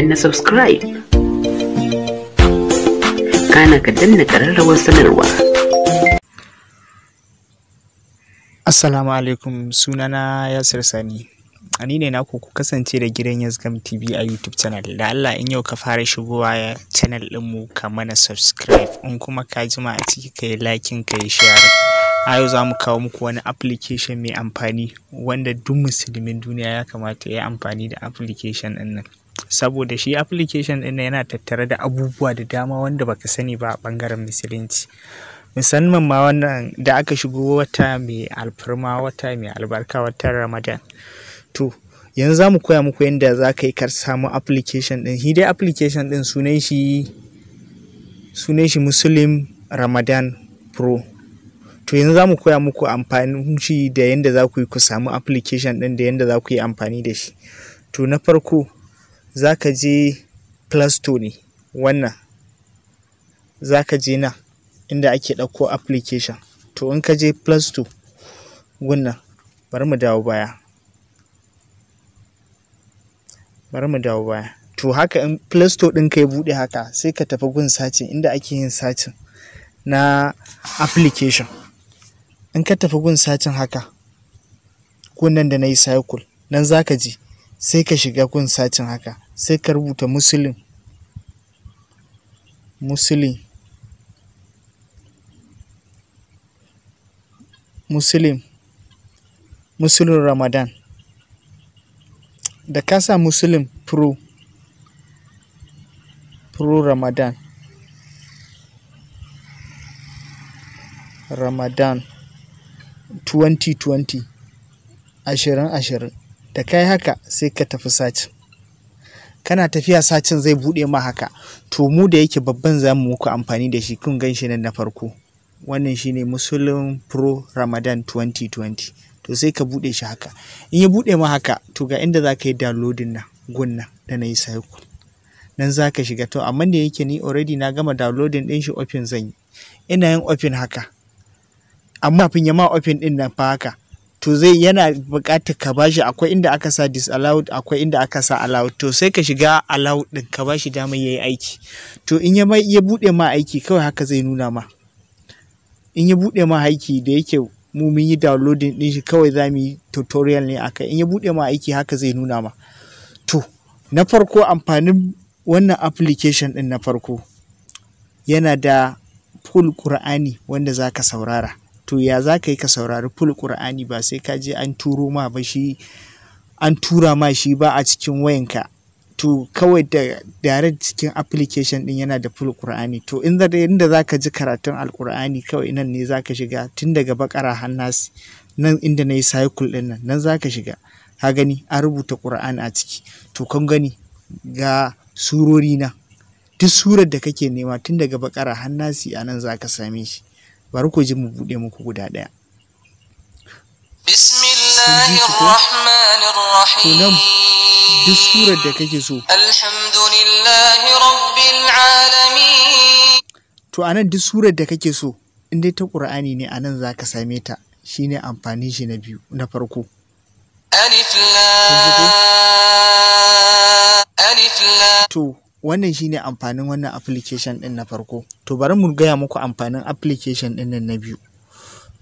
danna subscribe kana ka danna sanarwa assalamu alaikum sunana yasir sani Ani ne naku ku kasance da gidan yasgam tv a youtube channel da allah in yau ka fara shigowa ya channel mu ka mana subscribe in kuma ka jima a ciki ka yi lakin ka yi share a yau za mu kawo muku wani application mai amfani wanda duk musulmin duniya ya kamata ya yi amfani da application ɗin nan saboda shi application ɗin yana tattare da abubuwa da dama wanda baka sani ba a ɓangaren musulunci musamman ma wannan da aka shigo wata mai alfarma wata mai albarka wata ramadan to yanzu za mu koya muku yadda za ka yi kar samu application ɗin shi dai application ɗin sunan shi sunan shi muslim ramadan pro to yanzu za mu koya muku amfani shi da yadda za ku yi ku samu application ɗin da yadda za ku yi amfani da shi to na farko za ka je plasto ne wannan za ka je nan inda ake ɗauko application to in ka je plasto wannan bari mu dawo baya bari mu dawo baya to haka in plasto ɗin ka ya buɗe haka sai ka tafi gun sacin inda ake yin sacin na application in ka tafi gun sacin haka gun nan da na yi cycle nan za ka je sai ka shiga gun sacin haka sai ka rubuta muslim muslim muslim muslim ramadan da ka sa muslim pro pro ramadan ramadan 2020 ashirin ashirin da kai haka sai ka tafi sacin kana tafiya sacin zai buɗe ma haka to mu da yake babban za mu muku amfani da shi kun ganshi nan na farko wannan shine muslim pro ramadan 2020 to sai ka buɗe shi haka in ya buɗe ma haka to ga inda za ka yi downloading na gunna da na yi cycle nan za ka shiga to amma da yake ni already na gama downloading ɗin shi open zan yi ina yin open haka amma fin ya ma open ɗin nan fa haka to zai yana buƙatar ka bashi akwai inda aka sa disallowed akwai inda aka sa allowed to sai ka shiga allowed din ka bashi dama yayi aiki to in ya mai ya bude ma aiki kawai haka zai nuna ma in ya bude ma aiki da yake mu mun yi downloading din shi kawai za mu yi tutorial ne akai in ya bude ma aiki haka zai nuna ma to na farko amfanin wannan application din na farko yana da full Qur'ani wanda zaka saurara to ya za ka yi ka saurari ful ƙur'ani ba sai ka je an turo ma ba shi an tura ma shi ba a cikin wayanka to kawai da direct cikin application din yana da full qur'ani to inda inda ka ji karatun Alƙur'ani kawai nan ne za ka shiga tun daga bakara hannas nan inda na yi cycle din nan nan ka shiga ka gani an rubuta ƙur'ani a ciki to kan gani ga surori na duk surar da kake nema tun daga bakara hannasi a nan ka same shi bari ku ji mu buɗe muku guda ɗaya Bismillahirrahmanirrahim. Duk surar da kake so. Alhamdulillahi To anan duk surar da kake so, in dai ta Qur'ani ne anan za ka same ta. Shine amfani shi na biyu na farko. Alif lam. Alif lam. To wannan shine amfanin wannan application ɗin na farko to bari mu gaya muku amfanin application ɗin na biyu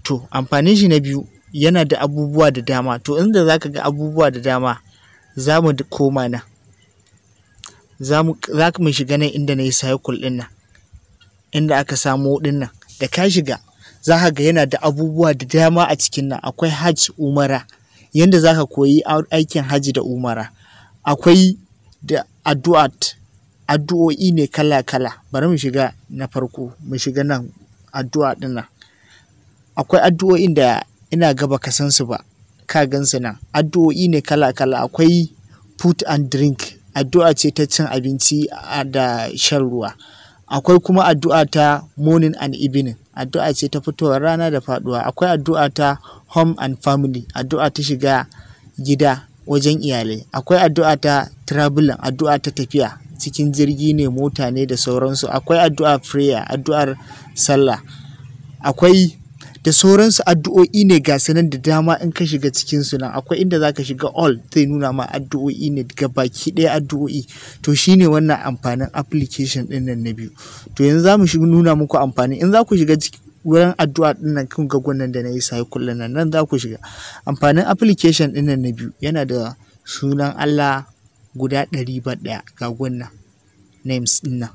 to amfanin shi na biyu yana da abubuwa da dama to inda zaka ga abubuwa da dama za mu koma na, za mu shiga nan inda na yi cycle ɗin nan inda aka samo din nan da ka shiga za ka ga yana da abubuwa da dama a cikin nan akwai hajj umara yanda za ka koyi aikin hajji da umara akwai da addu'at addu'o'i ne kala-kala bari mu shiga na farko mu shiga nan addu'a ɗina akwai addu'o'in da ina gaba ka san su ba ka gan su nan addu'o'i ne kala-kala akwai food and drink addu'a ce ta cin abinci da shan ruwa akwai kuma addu'a ta morning and evening addu'a ce ta fitowar rana da faduwa akwai addu'a ta home and family addu'a ta shiga gida wajen iyalai akwai addu'a ta traveling addu'a ta tafiya cikin jirgi ne mota ne da sauransu akwai addu'a prayer addu'ar sallah akwai da sauransu addu'o'i ne ga sanan da dama in ka shiga cikin su nan akwai inda zaka shiga all zai nuna ma addu'o'i ne ga baki ɗaya addu'o'i to shine wannan amfanin application ɗin nan na biyu to yanzu za mu nuna muku amfani in za ku shiga wurin addu'a ɗin nan kun ga gwanan da na yi sai kullum nan nan za ku shiga amfanin application ɗin nan na biyu yana da sunan Allah guda ɗari ba ɗaya ga gwannan names ɗin nan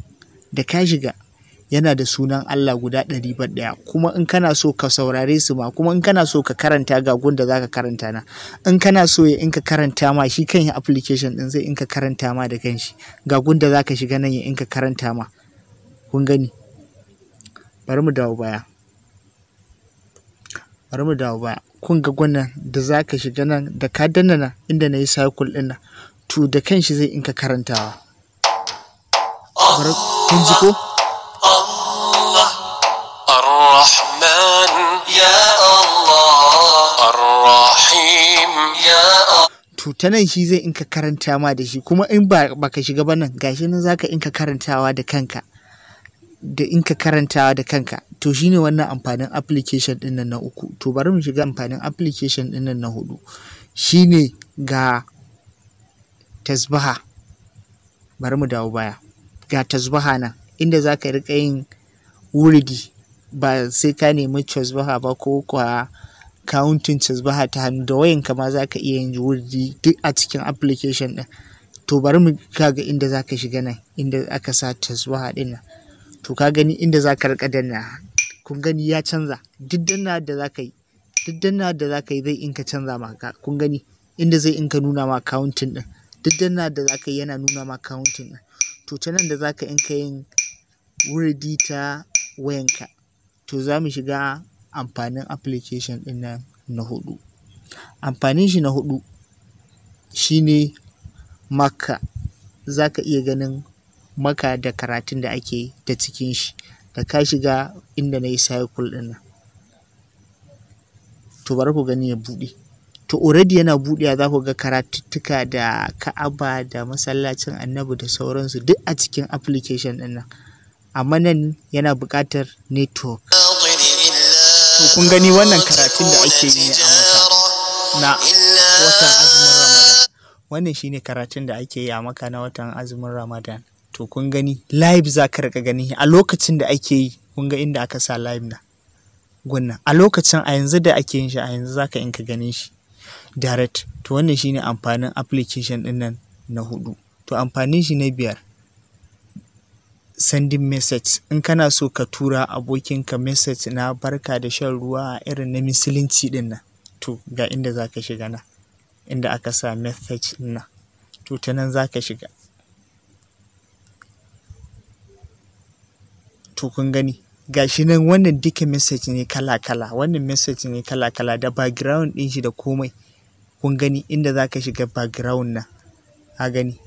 da ka shiga yana da sunan Allah guda ɗari ba ɗaya kuma in kana so ka saurare su ma kuma in kana so ka karanta ga gunda za ka karanta na in kana so ya in ka karanta ma shi kan application ɗin zai in ka karanta ma da kanshi ga gunda za ka shiga nan ya in ka karanta ma kun gani bari mu dawo baya bari mu dawo baya kun ga gwanan da za ka shiga nan da ka danna nan inda na yi cycle ɗin nan to da kanshi zai inka karantawa kun ji ko to ta nan shi zai inka karanta ma da shi kuma in ba ka shiga ba nan gashi nan zaka inka karantawa da kanka da in ka karantawa da kanka to shine wannan amfanin application ɗin nan na uku to bari mu shiga amfanin application ɗin nan na hudu shine ga tasbaha bari mu dawo baya ga tasbaha nan inda za ka riƙa yin wuridi ba sai ka nemi tasbaha ba ko kwa kauntin tasbaha ta hannu da wayanka ma za ka iya yin wuridi duk a cikin application ɗin to bari mu kaga inda za ka shiga nan inda aka sa tasbaha ɗin nan to ka gani inda za ka riƙa danna kun gani ya canza duk danna da za ka yi duk danna da za ka yi zai inka canza ma kun gani inda zai inka nuna ma kauntin ɗin duk danna da za ka yi yana nuna ma kauntin nan to ta nan da za ka in ka yin wuridi ta wayanka to za mu shiga amfanin application ɗin nan na huɗu amfanin shi na huɗu shine maka za ka iya ganin maka da karatun da ake ta cikin shi da ka shiga inda na yi cycle ɗin nan to bari ku gani ya buɗe to already yana buɗewa za ku ga karatuttuka da ka'aba da masallacin annabi da sauransu duk a cikin application ɗin nan amma nan yana buƙatar network to kun gani wannan karatun da ake yi a maka na watan azumin ramadan wannan shine karatun da ake yi a maka na watan azumin ramadan to kun gani live za ka rika gani a lokacin da ake yi kun ga inda aka sa live na gunna a lokacin a yanzu da ake yin shi a yanzu za ka in ka ganin shi direct to wannan shine amfanin application ɗinnan nan na hudu to amfanin shi na biyar sending message in kana so ka tura abokinka message na barka da shan ruwa a irin na misilinci din nan to ga inda za ka shiga na inda aka sa message din nan to ta nan za shiga to kun gani gashi nan wannan duka message ne kala-kala wannan message ne kala-kala da background din shi da komai kun gani inda za ka shiga background na a gani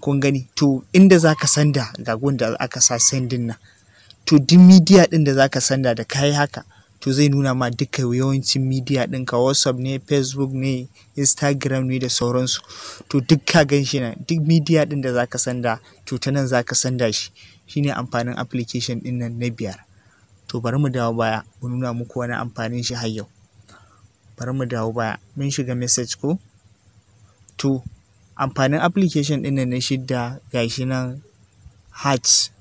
kun gani to inda za ka sanda ga da aka sa sendin na to duk media ɗin da za ka sanda da kayi haka to zai nuna ma duka yawancin media ɗinka whatsapp ne facebook ne instagram ne da sauransu to duk ka gan shi nan duk media ɗin da zaka sanda to ta nan zaka sanda shi shine amfanin application ɗin nan na biyar to bari mu dawo baya mu nuna muku wani amfanin shi har yau bari mu dawo baya mun shiga message ko to amfanin application ɗin nan na shidda gashi nan hearts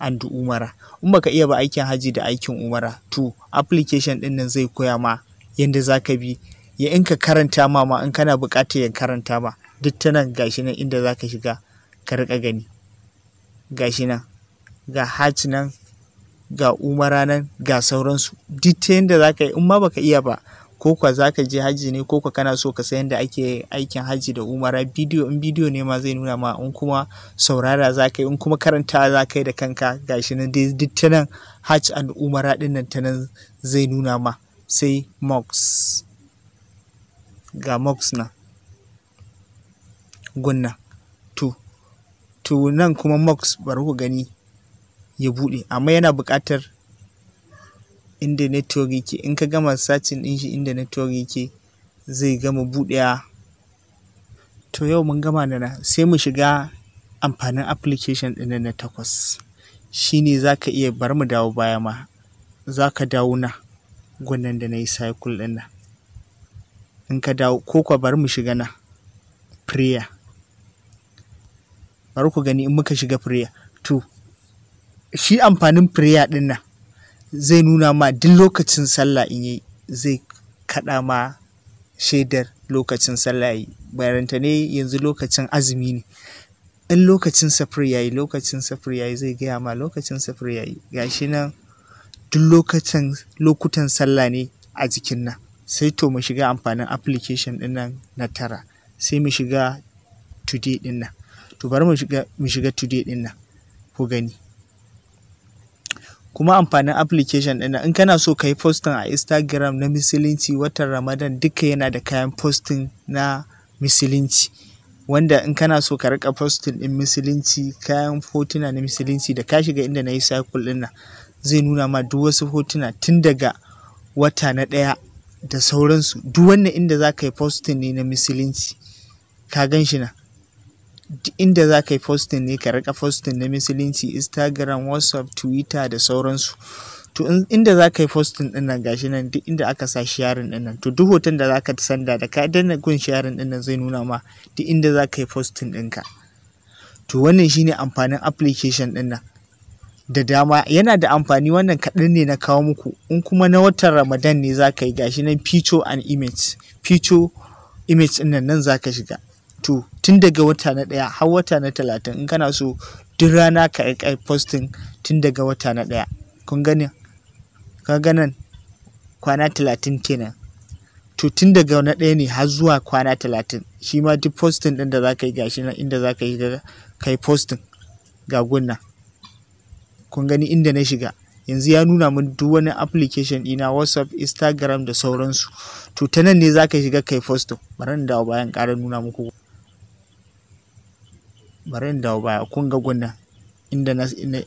and umara in baka iya ba aikin haji da aikin umara to application din nan zai koya ma yanda zaka bi ya in ka karanta ma ma in kana buƙatar ya karanta ma duk ta nan gashi nan inda zaka shiga ka riƙa gani gashi nan ga hajj nan ga umara nan ga sauransu duk ta yanda zaka yi in ma baka iya ba ko kwa za ka je hajji ne ko kwa kana so ka san yadda ake aikin hajji da umara bidiyo in bidiyo ne ma zai nuna ma in kuma saurara za ka yi in kuma karanta za ka yi da kanka gashi nan dai duk ta nan hajj and umara din nan ta zai nuna ma sai mox ga mox na gunna to to nan kuma mox bari ku gani ya bude. amma yana buƙatar inda network yake in ka gama searching din shi inda network yake zai gama buɗewa to yau mun gama da na, sai mu shiga amfanin application din na takwas shine za ka iya bar mu dawo baya ma za ka dawo na gwanan da na yi cycle din nan in ka dawo ko ka bar mu shiga na prayer bari ku gani in muka shiga prayer to shi amfanin prayer din nan zai nuna ma duk lokacin sallah in yi zai kaɗa ma shaidar lokacin sallah yi bayaranta ne yanzu lokacin azumi ne in lokacin safir ya yi lokacin safir ya yi zai gaya ma lokacin safir ya yi gashi nan duk lokacin lokutan sallah ne a jikin nan sai to mu shiga amfanin application ɗinnan nan na tara sai mu shiga today ɗin nan to bari mu shiga today ɗin nan ku gani kuma amfanin application ɗin in kana so ka yi posting a instagram na misilinci watan ramadan duka yana da kayan posting na misilinci wanda in kana so ka rika posting ɗin misilinci kayan hotuna na misilinci da ka shiga inda na yi cycle ɗin zai nuna ma duk wasu hotuna tun daga wata na ɗaya da sauransu duk wannan inda za ka yi posting ne na misilinci ka gan shi na inda za ka yi posting ne ka rika fostin na musulunci instagram whatsapp twitter da sauransu to inda za ka yi posting dinnan gashi nan duk inda aka sa sharing dinnan to duk hoton da za ka sanda da ka danna gun sharing dinnan zai nuna ma duk inda za ka yi posting ɗinka to wannan shine amfanin application dinnan da dama yana da amfani wannan kaɗan ne na kawo muku in kuma na watan ramadan ne za ka yi gashi nan picture and image picture image dinnan nan za ka shiga to tun daga wata na ɗaya har wata na talatin in kana so duk rana ka yi kai posting tun daga wata na ɗaya kun gani ka ganin kwana talatin kenan to tun daga na ɗaya ne har zuwa kwana talatin shi ma duk posting ɗin da za ka yi gashi nan inda za ka yi kai posting ga gunna kun gani inda na shiga yanzu ya nuna min duk wani application ɗina whatsapp instagram da sauransu to ta nan ne za ka shiga kai posting bari in dawo bayan ƙara nuna muku bari in dawo baya kun ga gunnan inda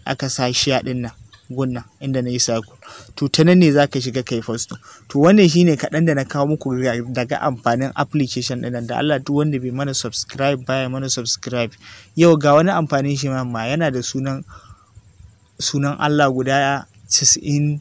aka sa shiya din nan gunnan inda na yi sako to ta nan ne za ka shiga kai first to wannan shine kaɗan da na kawo muku daga amfanin application ɗin da Allah duk wanda bai mana subscribe baya mana subscribe yau ga wani amfanin shi ma yana da sunan sunan Allah guda casa'in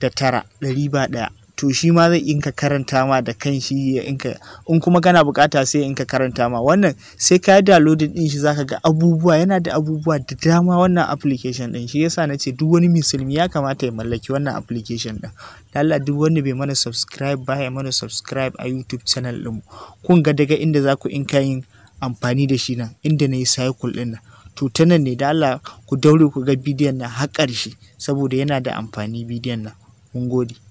da tara ɗari ba ɗaya to shi ma zai inka ka karanta ma da kan shi in in kuma kana bukata sai in karanta ma wannan sai ka downloading din shi zaka ga abubuwa yana da abubuwa da dama wannan application din shi yasa nace duk wani musulmi ya kamata ya mallaki wannan application din Allah duk wani bai mana subscribe ba ya mana subscribe a YouTube channel din kun ga daga inda za zaku in yin amfani da shi nan inda nayi yi cycle din nan to ta nan ne da Allah ku daure ku ga bidiyon nan har ƙarshe saboda yana da amfani bidiyon nan mun gode